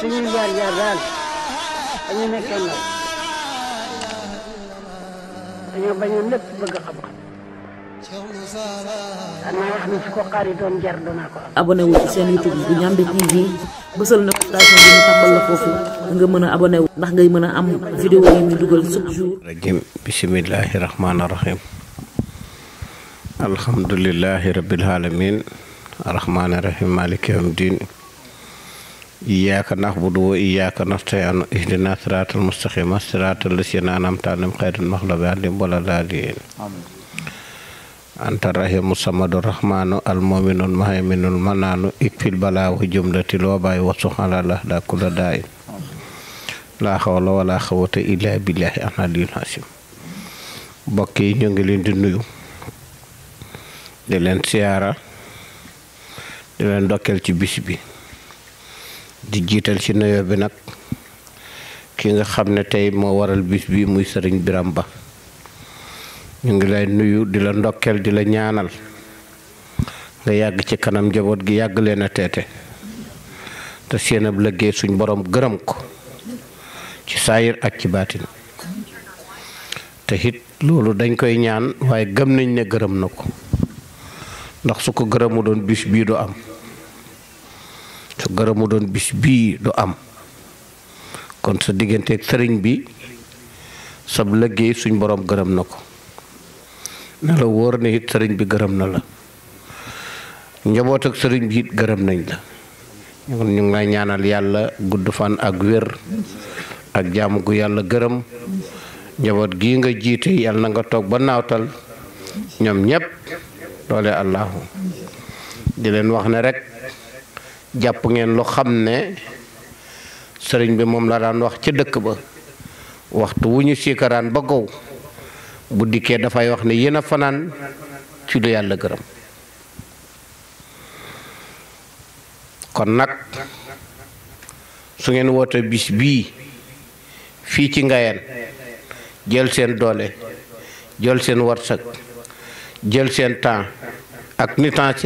suñu jaar jaar daal dañu nekkee ndaw dañoo bañoon lépp bëgg yi doon jar ko am. bi ñu tàmbal la foofu nga mën a abonné ndax ngay mën a am vidéo yi ñu dugal chaque rajim bisimilahi rahmaani rahim alhamdulilahi rabil alamin rahmaani rahim maliki din iyyaka na'budu wa iyyaka nasta'in ihdina siratal mustaqima siratal ladzina an'amta 'alaihim ghayril maghdubi 'alaihim waladdallin anta rahimu samadu rahmanu almuminun muhayminul mananu ikfil bala wa jumlatil wabaay wasuhala lah da kula da'in laa hawla wala quwwata illa billahi al-aliyyil azim mbokk yi ñu di nuyu di leen siyaara di leen dokkeel ci bis bi di jiital ci nuyoo bi nag ki nga xam ne tey moo waral bis bi muy sëriñ Biram Ba ñu ngi lay nuyu di la ndokkeel di la ñaanal nga yàgg ci kanam njaboot gi yàgg leen a teete te seen ab suñ borom gërëm ko ci saayir ak ci baatin te it loolu dañ koy ñaan waaye gëm nañ ne gërëm na ko ndax su ko gërëmu doon bis bii du am Garam garamu doon bis bi do am kon sa digganteeg sëriñ bi sab liggéey suñ borom garam nako na la wor ne sëriñ bi garam na la njabot ak sëriñ bi garam nañ la ñu ngi lay ñaanal yalla gudd fan ak wër ak jaamu gu yalla gërëm njabot gi nga jité yalla na nga tok ba nawtal ñom ñep dole allahu di len wax ne rek japp ngeen lo xamne ne sëriñ bi mom la daan wax ci dëkk ba waxtu wuñu sikaran ba gaw bu da fay wax ne yena fanan ci lu yalla gërëm kon nak su ngeen woote bis bi fi ci ngayen jël seen doole jël seen warsak jël seen temps ak ni temps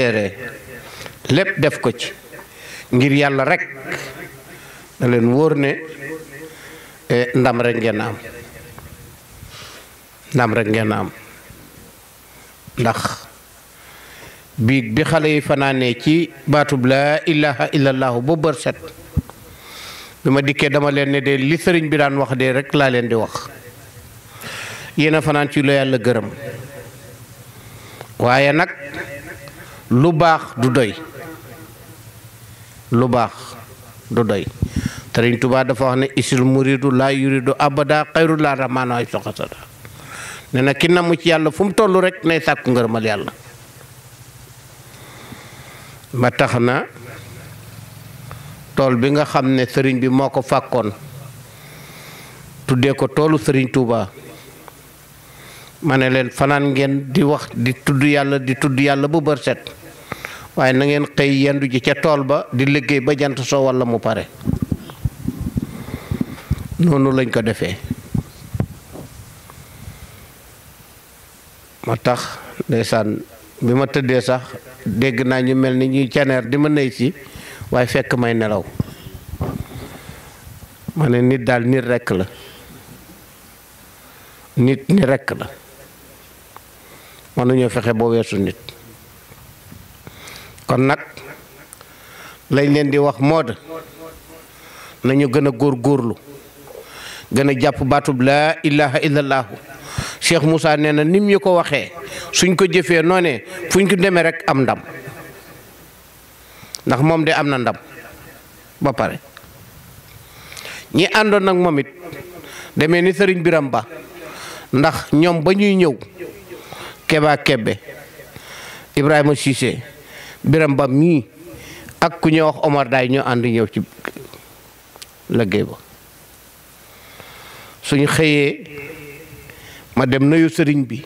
lepp def ko ci ngir yàlla rekk na leen wóor ne e, ndam rek ngeen am ndam rek am ndax biig bi xale yi fanaanee ci baatub laa ilaha illallahu ba bër set bi ma dikkee dama leen ne de li sëriñ bi daan wax de rek laa leen di wax yéen a fanaan ci la yàlla gërëm waaye nag lu baax du doy lu bax du doy Sëriñ Tuubaa dafa wax ne isil muridu la yuridu abada xayru rahman ay soxasada ne na ki namu ci yalla fum tollu rek ne sak ngeermal yalla ba taxna tol bi nga xamne ne bi moko fakkon fàkkoon ko tolu serigne touba manelen fanan ngeen di wax di tuddu yalla di tuddu yalla bu set waye na ngeen xey yendu ji ca tol ba di liggey ba jant so wala mu pare nonu lañ ko defé ma tax bi sax dégg na ñu mel ñuy caneer di ma nëy si waaye fekk may nelaw mané nit dal nit rek la nit ni rek la ñu fexé bo wessu nit kon nak lañ leen di wax mod nañu gëna gor gorlu gëna japp batu la ilaha illallah. cheikh Musa neena na nim ñu ko waxe suñ ko jëfé noné fuñ ko démé rek am ndam ndax mom dé amna na ndam ba paré ñi andon nak momit démé ni sëriñ biram ba ndax ñom bañuy ñëw keba kebbe ibrahima Cissé biram ba mii ak ku ñuy wax Omar Daay ñoo ànd ñëw ci liggéey ba suñu xëyee ma dem nuyu sëriñ bi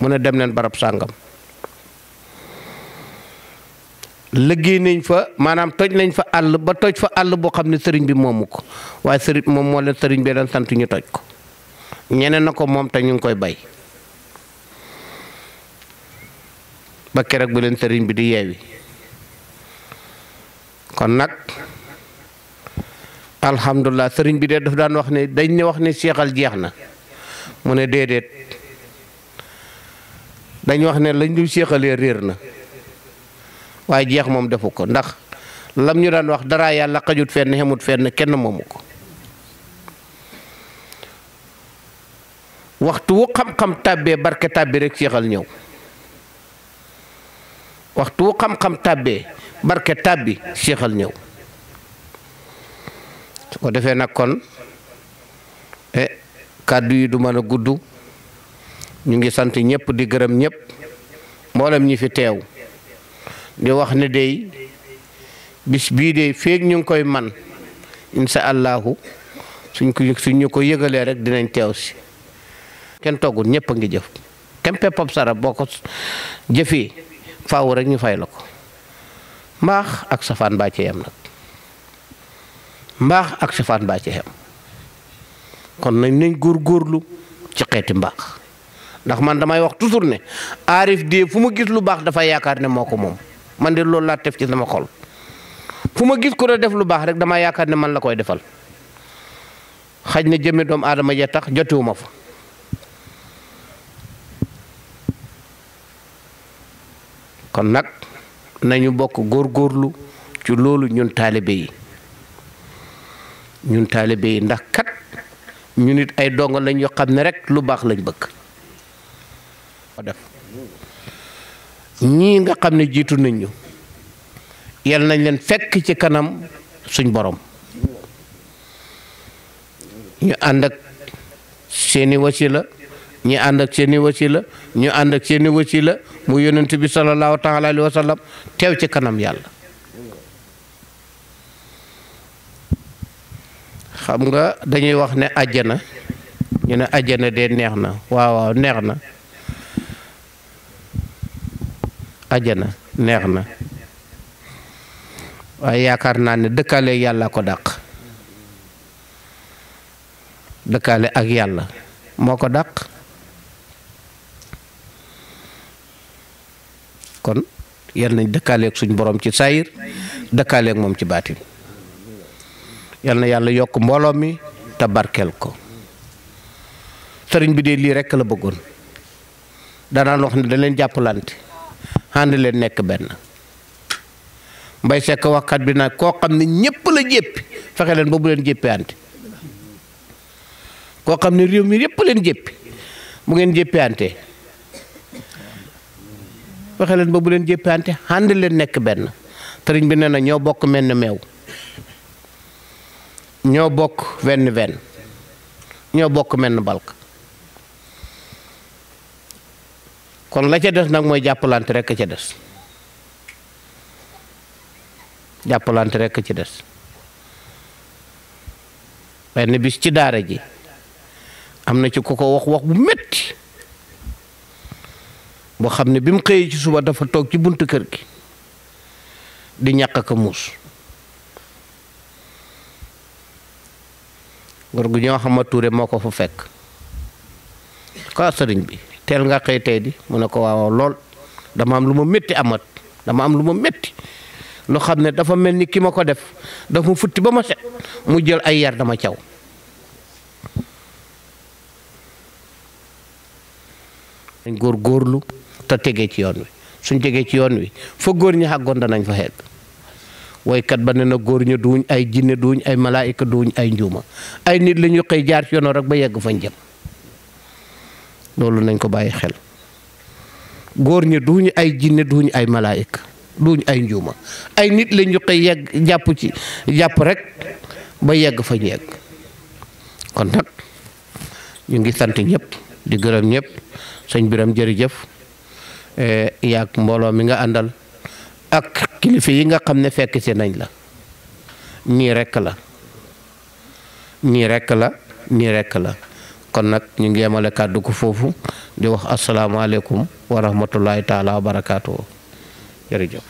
mu a dem leen barab sàngam léggéey nañ fa maanaam toj nañ fa àll ba toj fa àll boo xam ne sëriñ bi moomu ko waaye sëriñ moom moo leen sëriñ bi daan sant ñu toj ko ñeneen na ko moom te ñu ngi koy bay ba keroog bu leen sëriñ bi di yeewi kon nag alhamdulilah sëriñ bi de daf daan wax ne dañ ne wax ne seexal jeex na mu ne déedéet dañ wax ne lañ du seexalee réer na waaye jeex moom defu ko ndax lam ñu daan wax dara yàlla xajut fenn xemut fenn kenn moomu ko waxtu wu xam-xam tàbbee barke tàbbi rek seexal ñëw Waktu xam-xam tàbbee barke tabi séexal nyau ko defé nak kon eh kaddu yi du mën guddu ñu ngi sant ñepp di gërëm ñepp moolam ñi fi tew di wax ne de bis bi de feek ñu koy man insa allahu suñ ko suñ ñu ko yëgalee rek dinañ tew si ken togu ñepp nga ngi jëf kempe pop sara boko ko faaw rek ñu fay la ko mbaax ak safaan baa ci yem nag mbaax ak safaan baa ci yem kon nañ góor góorgóorlu ci xeeti mbaax ndax man damay wax toujours ne aarif de fu ma gis lu baax dafay yaakaar ne moo ko moom man de loolu laa def ci sama xol fu ma gis ku la def lu baax rek dama yaakaar ne man la koy defal xaj na jëmmi doomu aadama ja tax jotewuma fa kon nak nañu bokk gorlu ci lolu ñun talibé yi ñun talibé yi ndax kat ñu nit ay dong lañ yo xamne rek lu bax lañ bëgg def ñii nga xamne jitu jiitu nañ ñu yal nañ leen fekk ci kanam suñ borom ñu and ak seeni wasila ñi and ak seeni wasila ñu and ak seeni wasila mu yonent bi sallallahu taala alayhi teew ci kanam yàlla xam nga dañuy wax ne àjjana ñu ne àjjana de neex na waaw waaw neex na àjjana neex na waaye yaakaar naa ne dëkkaale yàlla ko dàq dëkkaale ak yàlla moo ko dàq kon yal nañ ak suñ borom ci sayir ak mom ci batim yar na yalla yok mbolo mi te barkeel ko serigne bi de li rek la bëggoon danaan wax ne da leen jappalante hande leen nek ben mbay sekk waxkat bi na ko xam ñepp la jepp fexe leen ba bu leen jéppee ante koo xam ne mi yépp leen jéppi bu ngeen fexe leen ba bu leen jéppante ànd leen nekk benn sëriñ bi nee na ñoo bokk menn meew ñoo bokk wenn wenn ñoo bokk menn balk kon la ca des nag mooy jàppalante rekk a ca des jàppalante rekk ci des benn bi ci daara ji am na ci ku ko wax wax bu metti bo xamne bim xey ci suba dafa tok ci buntu kër gi di ñaka ka mus góor gu ñoo xama touré moko fa fekk ko sëriñ bi tel nga xey tay di mu ne ko waaw lool dama am luma metti amat dama am luma metti lo xamne dafa melni ni ko def dafa futti bama set mu jël ay yar dama caw ngor gorlu te tegee ci yoon wi suñ tegee ci yoon wi fa góor ñi xàggoon danañ fa xegg woykat ba ne na góor ña duuñ ay jinne duuñ ay malaayika duuñ ay njuuma ay nit la ñu jaar ci yoon rek ba yegg fañ jëm loolu nañ ko bàyyi xel góor ña duuñ ay jinne duuñ ay malaayika duuñ ay njuuma ay nit lañ ñu xëy yegg jàpp ci jàpp rek ba yegg fañ yegg kon nag ñu ngi sant ñëpp di gërëm ñëpp sëñ Biram jërëjëf Eh, yaak mbooloo mi nga àndal ak kilifa yi nga xam ne fekk si nañ la nii rekk la nii rekk la nii rekk la kon nag ñu ngi yemale kàddu ko foofu di wax asalaamaaleykum wa rahmatullahi taala wa barakaatu jërëjëf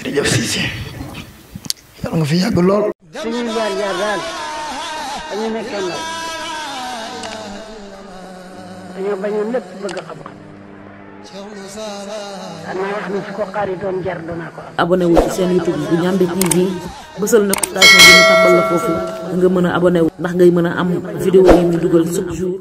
jërëjëf Cissé yàlla nga fi yàgg lool dana wax ni su ko xari doon jar dana ko am. seen YouTube bu Ndiamé TV bësal notification bi ñu tàmbal la foofu nga mën a abonné wu ndax ngay mën a am vidéo yi ñu dugal chaque jour.